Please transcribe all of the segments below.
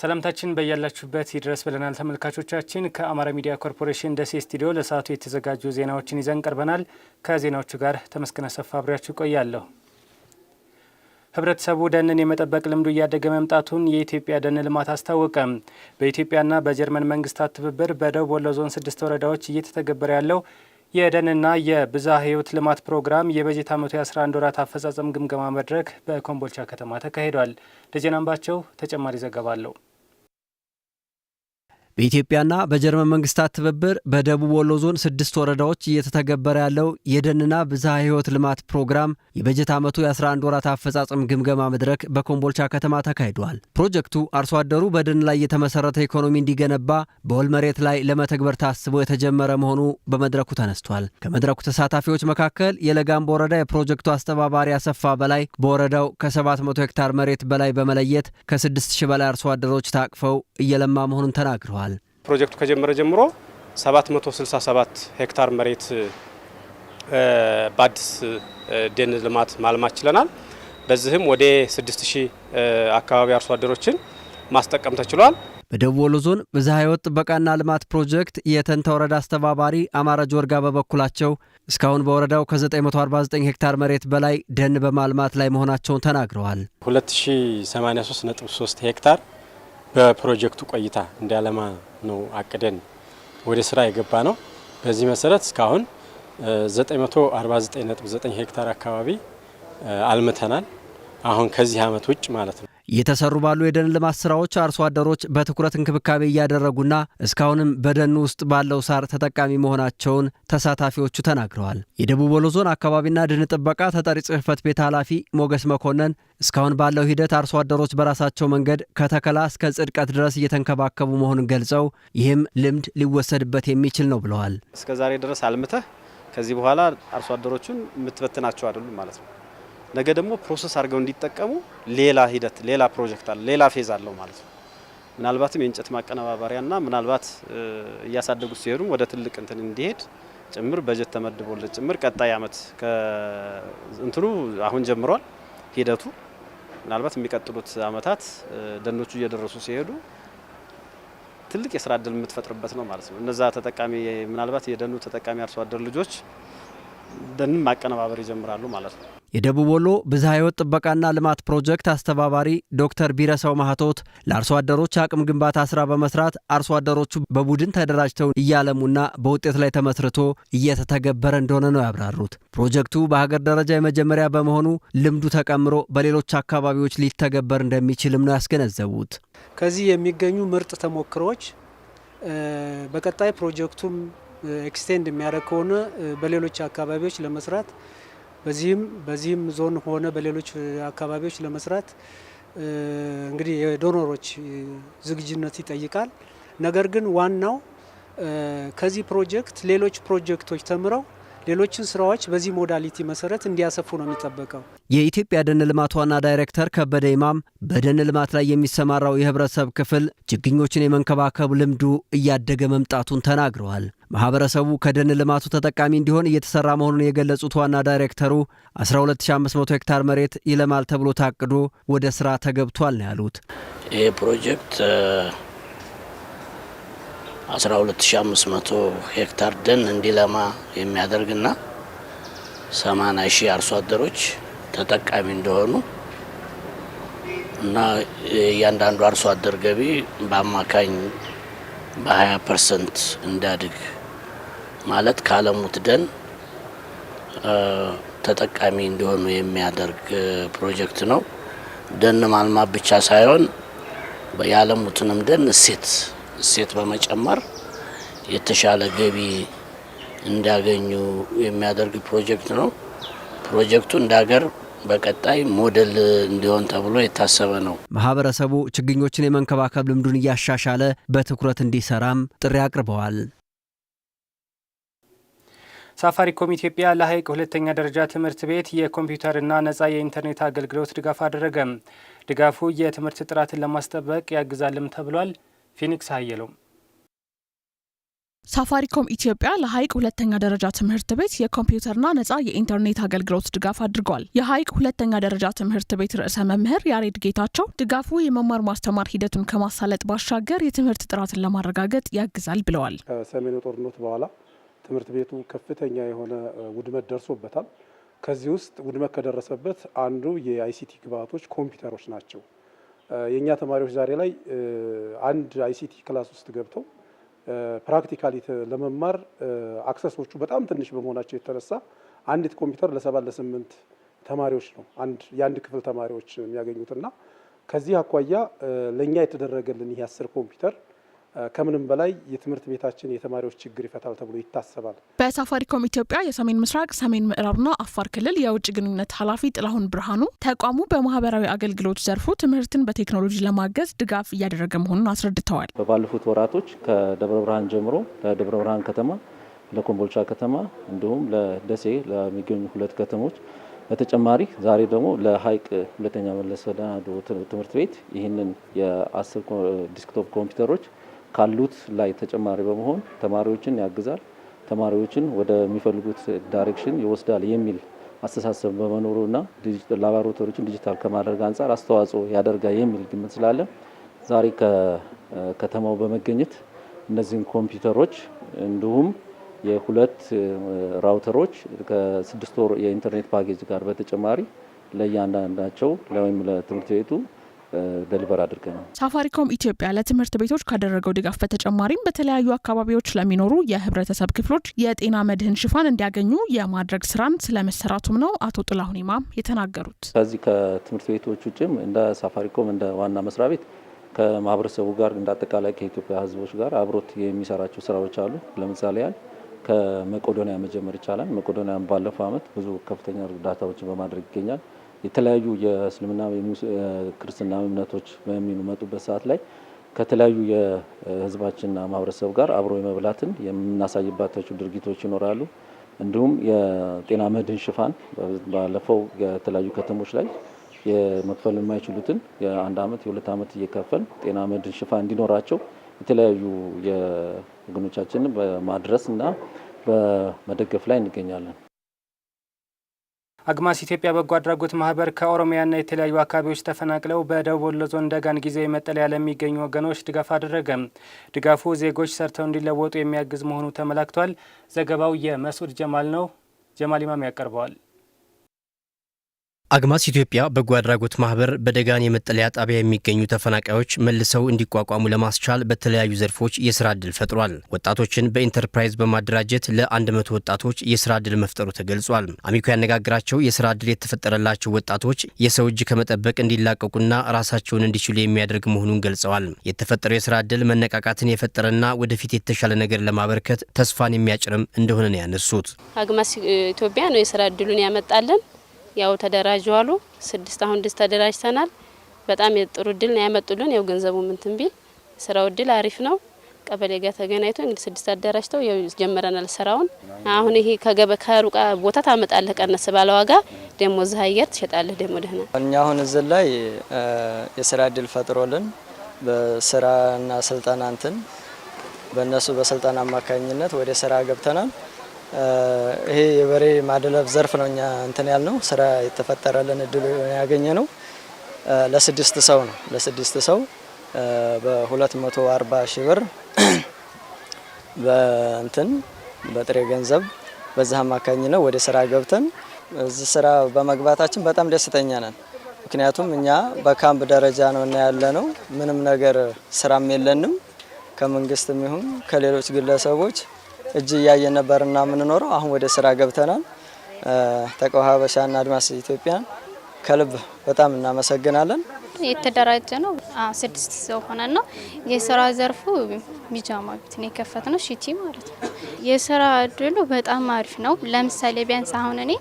ሰላምታችን በያላችሁበት ይድረስ ብለናል ተመልካቾቻችን። ከአማራ ሚዲያ ኮርፖሬሽን ደሴ ስቱዲዮ ለሰዓቱ የተዘጋጁ ዜናዎችን ይዘን ቀርበናል። ከዜናዎቹ ጋር ተመስገነ ሰፋ አብሬያችሁ ቆያለሁ። ህብረተሰቡ ደንን የመጠበቅ ልምዱ እያደገ መምጣቱን የኢትዮጵያ ደን ልማት አስታወቀም። በኢትዮጵያና በጀርመን መንግስታት ትብብር በደቡብ ወሎ ዞን ስድስት ወረዳዎች እየተተገበረ ያለው የደንና የብዝሃ ህይወት ልማት ፕሮግራም የበጀት ዓመቱ የ11 ወራት አፈጻጸም ግምገማ መድረክ በኮምቦልቻ ከተማ ተካሂዷል። ደጀናምባቸው ተጨማሪ ዘገባ አለው። በኢትዮጵያና በጀርመን መንግስታት ትብብር በደቡብ ወሎ ዞን ስድስት ወረዳዎች እየተተገበረ ያለው የደንና ብዝሃ ሕይወት ልማት ፕሮግራም የበጀት ዓመቱ የ11 ወራት አፈጻጸም ግምገማ መድረክ በኮምቦልቻ ከተማ ተካሂዷል። ፕሮጀክቱ አርሶ አደሩ በደን ላይ የተመሰረተ ኢኮኖሚ እንዲገነባ በወል መሬት ላይ ለመተግበር ታስቦ የተጀመረ መሆኑ በመድረኩ ተነስቷል። ከመድረኩ ተሳታፊዎች መካከል የለጋምቦ ወረዳ የፕሮጀክቱ አስተባባሪ አሰፋ በላይ በወረዳው ከ700 ሄክታር መሬት በላይ በመለየት ከ6000 በላይ አርሶ አደሮች ታቅፈው እየለማ መሆኑን ተናግረዋል። ፕሮጀክቱ ከጀመረ ጀምሮ 767 ሄክታር መሬት በአዲስ ደን ልማት ማልማት ችለናል። በዚህም ወደ 6000 አካባቢ አርሶ አደሮችን ማስጠቀም ተችሏል። በደቡብ ወሎ ዞን ብዝሃ ሕይወት ጥበቃና ልማት ፕሮጀክት የተንተ ወረዳ አስተባባሪ አማረጅ ጆርጋ በበኩላቸው እስካሁን በወረዳው ከ949 ሄክታር መሬት በላይ ደን በማልማት ላይ መሆናቸውን ተናግረዋል። 2083 ሄክታር በፕሮጀክቱ ቆይታ እንዲያለማ ነው አቅደን ወደ ስራ የገባ ነው። በዚህ መሰረት እስካሁን 949.9 ሄክታር አካባቢ አልምተናል። አሁን ከዚህ አመት ውጭ ማለት ነው። እየተሰሩ ባሉ የደን ልማት ስራዎች አርሶ አደሮች በትኩረት እንክብካቤ እያደረጉና እስካሁንም በደኑ ውስጥ ባለው ሳር ተጠቃሚ መሆናቸውን ተሳታፊዎቹ ተናግረዋል። የደቡብ ወሎ ዞን አካባቢና ደን ጥበቃ ተጠሪ ጽህፈት ቤት ኃላፊ ሞገስ መኮንን እስካሁን ባለው ሂደት አርሶ አደሮች በራሳቸው መንገድ ከተከላ እስከ ጽድቀት ድረስ እየተንከባከቡ መሆኑን ገልጸው ይህም ልምድ ሊወሰድበት የሚችል ነው ብለዋል። እስከዛሬ ዛሬ ድረስ አልምተህ ከዚህ በኋላ አርሶ አደሮቹን የምትበትናቸው አይደሉም ማለት ነው ነገ ደግሞ ፕሮሰስ አድርገው እንዲጠቀሙ ሌላ ሂደት፣ ሌላ ፕሮጀክት አለ፣ ሌላ ፌዝ አለው ማለት ነው። ምናልባትም የእንጨት ማቀነባበሪያና ምናልባት እያሳደጉት ሲሄዱም ወደ ትልቅ እንትን እንዲሄድ ጭምር በጀት ተመድቦለት ጭምር ቀጣይ አመት እንትኑ አሁን ጀምሯል ሂደቱ። ምናልባት የሚቀጥሉት አመታት ደኖቹ እየደረሱ ሲሄዱ ትልቅ የስራ እድል የምትፈጥርበት ነው ማለት ነው። እነዛ ተጠቃሚ ምናልባት የደኑ ተጠቃሚ አርሶ አደር ልጆች ደንን ማቀነባበር ይጀምራሉ ማለት ነው። የደቡብ ወሎ ብዝሃ ሕይወት ጥበቃና ልማት ፕሮጀክት አስተባባሪ ዶክተር ቢረሰው ማህቶት ለአርሶ አደሮች አቅም ግንባታ ስራ በመስራት አርሶ አደሮቹ በቡድን ተደራጅተው እያለሙና በውጤት ላይ ተመስርቶ እየተተገበረ እንደሆነ ነው ያብራሩት። ፕሮጀክቱ በሀገር ደረጃ የመጀመሪያ በመሆኑ ልምዱ ተቀምሮ በሌሎች አካባቢዎች ሊተገበር እንደሚችልም ነው ያስገነዘቡት። ከዚህ የሚገኙ ምርጥ ተሞክሮዎች በቀጣይ ፕሮጀክቱም ኤክስቴንድ የሚያደርግ ከሆነ በሌሎች አካባቢዎች ለመስራት በዚህም በዚህም ዞን ሆነ በሌሎች አካባቢዎች ለመስራት እንግዲህ የዶኖሮች ዝግጅነት ይጠይቃል። ነገር ግን ዋናው ከዚህ ፕሮጀክት ሌሎች ፕሮጀክቶች ተምረው ሌሎችን ስራዎች በዚህ ሞዳሊቲ መሰረት እንዲያሰፉ ነው የሚጠበቀው። የኢትዮጵያ ደን ልማት ዋና ዳይሬክተር ከበደ ይማም በደን ልማት ላይ የሚሰማራው የህብረተሰብ ክፍል ችግኞችን የመንከባከብ ልምዱ እያደገ መምጣቱን ተናግረዋል። ማህበረሰቡ ከደን ልማቱ ተጠቃሚ እንዲሆን እየተሰራ መሆኑን የገለጹት ዋና ዳይሬክተሩ 12500 ሄክታር መሬት ይለማል ተብሎ ታቅዶ ወደ ስራ ተገብቷል ነው ያሉት። ይሄ ፕሮጀክት 12500 ሄክታር ደን እንዲለማ የሚያደርግና 80 ሺህ አርሶ አደሮች ተጠቃሚ እንደሆኑ እና እያንዳንዱ አርሶ አደር ገቢ በአማካኝ በ20 ፐርሰንት እንዳድግ ማለት ካለሙት ደን ተጠቃሚ እንዲሆኑ የሚያደርግ ፕሮጀክት ነው። ደን ማልማት ብቻ ሳይሆን የአለሙትንም ደን እሴት እሴት በመጨመር የተሻለ ገቢ እንዲያገኙ የሚያደርግ ፕሮጀክት ነው። ፕሮጀክቱ እንደ ሀገር በቀጣይ ሞዴል እንዲሆን ተብሎ የታሰበ ነው። ማህበረሰቡ ችግኞችን የመንከባከብ ልምዱን እያሻሻለ በትኩረት እንዲሰራም ጥሪ አቅርበዋል። ሳፋሪኮም ኢትዮጵያ ለሀይቅ ሁለተኛ ደረጃ ትምህርት ቤት የኮምፒውተርና ነጻ የኢንተርኔት አገልግሎት ድጋፍ አደረገም። ድጋፉ የትምህርት ጥራትን ለማስጠበቅ ያግዛልም ተብሏል። ፊኒክስ አየለውም ሳፋሪኮም ኢትዮጵያ ለሀይቅ ሁለተኛ ደረጃ ትምህርት ቤት የኮምፒውተርና ነጻ የኢንተርኔት አገልግሎት ድጋፍ አድርጓል። የሀይቅ ሁለተኛ ደረጃ ትምህርት ቤት ርዕሰ መምህር ያሬድ ጌታቸው ድጋፉ የመማር ማስተማር ሂደቱን ከማሳለጥ ባሻገር የትምህርት ጥራትን ለማረጋገጥ ያግዛል ብለዋል። ከሰሜኑ ጦርነት በኋላ ትምህርት ቤቱ ከፍተኛ የሆነ ውድመት ደርሶበታል። ከዚህ ውስጥ ውድመት ከደረሰበት አንዱ የአይሲቲ ግብዓቶች ኮምፒውተሮች ናቸው። የእኛ ተማሪዎች ዛሬ ላይ አንድ አይሲቲ ክላስ ውስጥ ገብተው ፕራክቲካሊ ለመማር አክሰሶቹ በጣም ትንሽ በመሆናቸው የተነሳ አንዲት ኮምፒውተር ለሰባት ለስምንት ተማሪዎች ነው የአንድ ክፍል ተማሪዎች የሚያገኙትና ከዚህ አኳያ ለእኛ የተደረገልን ይህ አስር ኮምፒውተር ከምንም በላይ የትምህርት ቤታችን የተማሪዎች ችግር ይፈታል ተብሎ ይታሰባል። በሳፋሪኮም ኢትዮጵያ የሰሜን ምስራቅ ሰሜን ምዕራብና አፋር ክልል የውጭ ግንኙነት ኃላፊ ጥላሁን ብርሃኑ ተቋሙ በማህበራዊ አገልግሎት ዘርፉ ትምህርትን በቴክኖሎጂ ለማገዝ ድጋፍ እያደረገ መሆኑን አስረድተዋል። በባለፉት ወራቶች ከደብረ ብርሃን ጀምሮ ለደብረ ብርሃን ከተማ፣ ለኮምቦልቻ ከተማ እንዲሁም ለደሴ ለሚገኙ ሁለት ከተሞች በተጨማሪ ዛሬ ደግሞ ለሀይቅ ሁለተኛ መለስ ወዳዶ ትምህርት ቤት ይህንን የአስር ዲስክቶፕ ኮምፒውተሮች ካሉት ላይ ተጨማሪ በመሆን ተማሪዎችን ያግዛል፣ ተማሪዎችን ወደሚፈልጉት ዳይሬክሽን ይወስዳል የሚል አስተሳሰብ በመኖሩና ላቦራቶሪዎችን ዲጂታል ከማድረግ አንጻር አስተዋጽኦ ያደርጋል የሚል ግምት ስላለ ዛሬ ከከተማው በመገኘት እነዚህን ኮምፒውተሮች እንዲሁም የሁለት ራውተሮች ከስድስት ወር የኢንተርኔት ፓኬጅ ጋር በተጨማሪ ለእያንዳንዳቸው ወይም ለትምህርት ቤቱ ደሊቨር ነው። ሳፋሪኮም ኢትዮጵያ ለትምህርት ቤቶች ካደረገው ድጋፍ በተጨማሪም በተለያዩ አካባቢዎች ለሚኖሩ የህብረተሰብ ክፍሎች የጤና መድህን ሽፋን እንዲያገኙ የማድረግ ስራን ስለመሰራቱም ነው አቶ ጥላሁን የተናገሩት። ከዚህ ከትምህርት ቤቶች ውጭም እንደ ሳፋሪኮም እንደ ዋና መስሪያ ቤት ከማህበረሰቡ ጋር እንደ አጠቃላይ ከኢትዮጵያ ህዝቦች ጋር አብሮት የሚሰራቸው ስራዎች አሉ። ለምሳሌ ያህል ከመቄዶንያ መጀመር ይቻላል። መቄዶንያም ባለፈው አመት ብዙ ከፍተኛ እርዳታዎችን በማድረግ ይገኛል። የተለያዩ የእስልምና ክርስትና እምነቶች በሚመጡበት ሰዓት ላይ ከተለያዩ የህዝባችንና ማህበረሰብ ጋር አብሮ የመብላትን የምናሳይባቸው ድርጊቶች ይኖራሉ። እንዲሁም የጤና መድን ሽፋን ባለፈው የተለያዩ ከተሞች ላይ የመክፈል የማይችሉትን የአንድ ዓመት የሁለት ዓመት እየከፈል ጤና መድን ሽፋን እንዲኖራቸው የተለያዩ የወገኖቻችንን በማድረስ እና በመደገፍ ላይ እንገኛለን። አግማስ ኢትዮጵያ በጎ አድራጎት ማህበር ከኦሮሚያና የተለያዩ አካባቢዎች ተፈናቅለው በደቡብ ወሎ ዞን ደጋን ጊዜያዊ መጠለያ ለሚገኙ ወገኖች ድጋፍ አደረገ። ድጋፉ ዜጎች ሰርተው እንዲለወጡ የሚያግዝ መሆኑ ተመላክቷል። ዘገባው የመስዑድ ጀማል ነው። ጀማል ኢማም ያቀርበዋል። አግማስ ኢትዮጵያ በጎ አድራጎት ማህበር በደጋን የመጠለያ ጣቢያ የሚገኙ ተፈናቃዮች መልሰው እንዲቋቋሙ ለማስቻል በተለያዩ ዘርፎች የስራ እድል ፈጥሯል። ወጣቶችን በኢንተርፕራይዝ በማደራጀት ለ100 ወጣቶች የስራ እድል መፍጠሩ ተገልጿል። አሚኮ ያነጋግራቸው የስራ ድል የተፈጠረላቸው ወጣቶች የሰው እጅ ከመጠበቅ እንዲላቀቁና ራሳቸውን እንዲችሉ የሚያደርግ መሆኑን ገልጸዋል። የተፈጠረው የስራ እድል መነቃቃትን የፈጠረና ወደፊት የተሻለ ነገር ለማበርከት ተስፋን የሚያጭርም እንደሆነ ነው ያነሱት። አግማስ ኢትዮጵያ ነው የስራ ዕድሉን ያመጣልን ያው ተደራጁ አሉ። ስድስት አሁን ድስት ተደራጅተናል። በጣም የጥሩ እድል ነው ያመጡልን። ያው ገንዘቡ ምንትን ቢል ስራው እድል አሪፍ ነው። ቀበሌ ጋር ተገናኝቶ እንግዲህ ስድስት አደራጅተው ያው ጀምረናል ስራውን። አሁን ይሄ ከገበ ከሩቃ ቦታ ታመጣለህ ቀነስ ባለ ዋጋ ደግሞ እዚህ አየር ትሸጣለህ ደግሞ ደህና። እኛ አሁን እዚህ ላይ የስራ እድል ፈጥሮልን በስራና ስልጠና እንትን በእነሱ በስልጠና አማካኝነት ወደ ስራ ገብተናል። ይሄ የበሬ ማድለብ ዘርፍ ነው። እኛ እንትን ያልነው ስራ የተፈጠረልን እድል ያገኘ ነው። ለስድስት ሰው ነው። ለስድስት ሰው በ240 ሺህ ብር በእንትን በጥሬ ገንዘብ በዚህ አማካኝ ነው ወደ ስራ ገብተን እዚህ ስራ በመግባታችን በጣም ደስተኛ ነን። ምክንያቱም እኛ በካምፕ ደረጃ ነው እና ያለ ነው ምንም ነገር ስራም የለንም ከመንግስትም ይሁን ከሌሎች ግለሰቦች እጅ እያየን ነበር እና የምንኖረው አሁን ወደ ስራ ገብተናል። ተቀው ሀበሻና አድማስ ኢትዮጵያን ከልብ በጣም እናመሰግናለን። የተደራጀ ነው። ስድስት ሰው ሆነ ነው የስራ ዘርፉ ቢጃማ ቤት ነው የከፈት ነው ሽቲ ማለት ነው። የስራ እድሉ በጣም አሪፍ ነው። ለምሳሌ ቢያንስ አሁን እኔ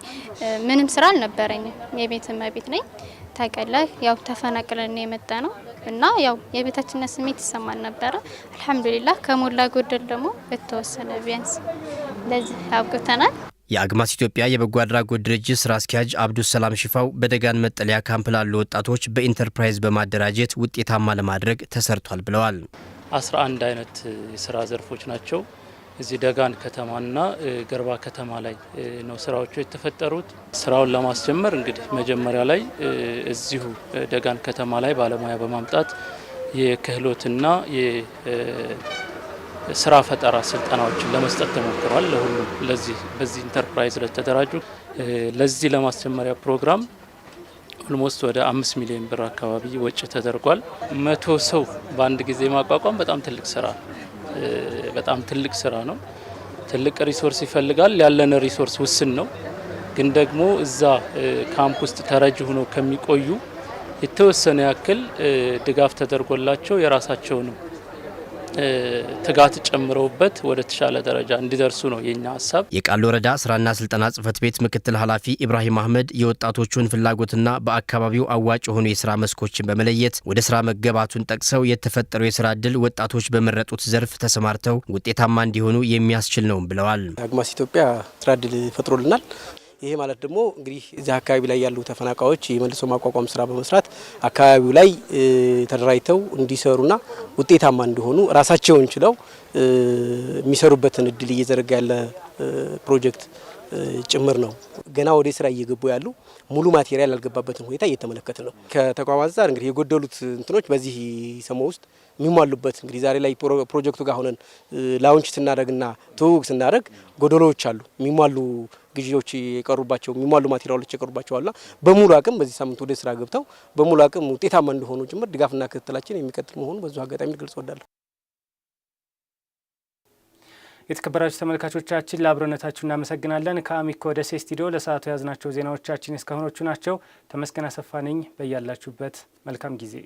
ምንም ስራ አልነበረኝም። የቤት እመቤት ነኝ። ተቀላይ ያው ተፈናቅለን የመጣ ነው እና ያው የቤታችንነት ስሜት ይሰማን ነበረ። አልሐምዱሊላህ ከሞላ ጎደል ደግሞ በተወሰነ ቢያንስ ለዚህ አብቅተናል። የአግማስ ኢትዮጵያ የበጎ አድራጎት ድርጅት ስራ አስኪያጅ አብዱሰላም ሰላም ሽፋው በደጋን መጠለያ ካምፕ ላሉ ወጣቶች በኢንተርፕራይዝ በማደራጀት ውጤታማ ለማድረግ ተሰርቷል ብለዋል። አስራ አንድ አይነት የስራ ዘርፎች ናቸው እዚህ ደጋን ከተማና ገርባ ከተማ ላይ ነው ስራዎቹ የተፈጠሩት። ስራውን ለማስጀመር እንግዲህ መጀመሪያ ላይ እዚሁ ደጋን ከተማ ላይ ባለሙያ በማምጣት የክህሎትና የስራ ፈጠራ ስልጠናዎችን ለመስጠት ተሞክሯል። ለሁሉም ለዚህ በዚህ ኢንተርፕራይዝ ለተደራጁ ለዚህ ለማስጀመሪያ ፕሮግራም ኦልሞስት ወደ አምስት ሚሊዮን ብር አካባቢ ወጪ ተደርጓል። መቶ ሰው በአንድ ጊዜ ማቋቋም በጣም ትልቅ ስራ ነው። በጣም ትልቅ ስራ ነው። ትልቅ ሪሶርስ ይፈልጋል። ያለን ሪሶርስ ውስን ነው። ግን ደግሞ እዛ ካምፕ ውስጥ ተረጅ ሆኖ ከሚቆዩ የተወሰነ ያክል ድጋፍ ተደርጎላቸው የራሳቸውንም ትጋት ጨምረውበት ወደ ተሻለ ደረጃ እንዲደርሱ ነው የኛ ሀሳብ። የቃል ወረዳ ስራና ስልጠና ጽህፈት ቤት ምክትል ኃላፊ ኢብራሂም አህመድ የወጣቶቹን ፍላጎትና በአካባቢው አዋጭ የሆኑ የስራ መስኮችን በመለየት ወደ ስራ መገባቱን ጠቅሰው የተፈጠረው የስራ እድል ወጣቶች በመረጡት ዘርፍ ተሰማርተው ውጤታማ እንዲሆኑ የሚያስችል ነው ብለዋል። አግማስ ኢትዮጵያ ስራ እድል ፈጥሮልናል። ይሄ ማለት ደግሞ እንግዲህ እዚህ አካባቢ ላይ ያሉ ተፈናቃዮች የመልሶ ማቋቋም ስራ በመስራት አካባቢው ላይ ተደራጅተው እንዲሰሩና ውጤታማ እንዲሆኑ ራሳቸውን ችለው የሚሰሩበትን እድል እየዘረጋ ያለ ፕሮጀክት ጭምር ነው። ገና ወደ ስራ እየገቡ ያሉ ሙሉ ማቴሪያል ያልገባበትን ሁኔታ እየተመለከት ነው። ከተቋም አንጻር እንግዲህ የጎደሉት እንትኖች በዚህ ሰሞ ውስጥ የሚሟሉበት እንግዲህ ዛሬ ላይ ፕሮጀክቱ ጋር ሆነን ላውንች ስናደርግና ትውውቅ ስናደረግ ጎደሎዎች አሉ የሚሟሉ ግዢዎች የቀሩባቸው የሚሟሉ ማቴሪያሎች የቀሩባቸው አሉ። በሙሉ አቅም በዚህ ሳምንት ወደ ስራ ገብተው በሙሉ አቅም ውጤታማ እንደሆኑ ጭምር ድጋፍና ክትትላችን የሚቀጥል መሆኑ በዚሁ አጋጣሚ ልገልጽ እወዳለሁ። የተከበራችሁ ተመልካቾቻችን ለአብሮነታችሁ እናመሰግናለን። ከአሚኮ ደሴ ስቱዲዮ ለሰዓቱ የያዝናቸው ዜናዎቻችን እስካሁኖቹ ናቸው። ተመስገን አሰፋ ነኝ። በያላችሁበት መልካም ጊዜ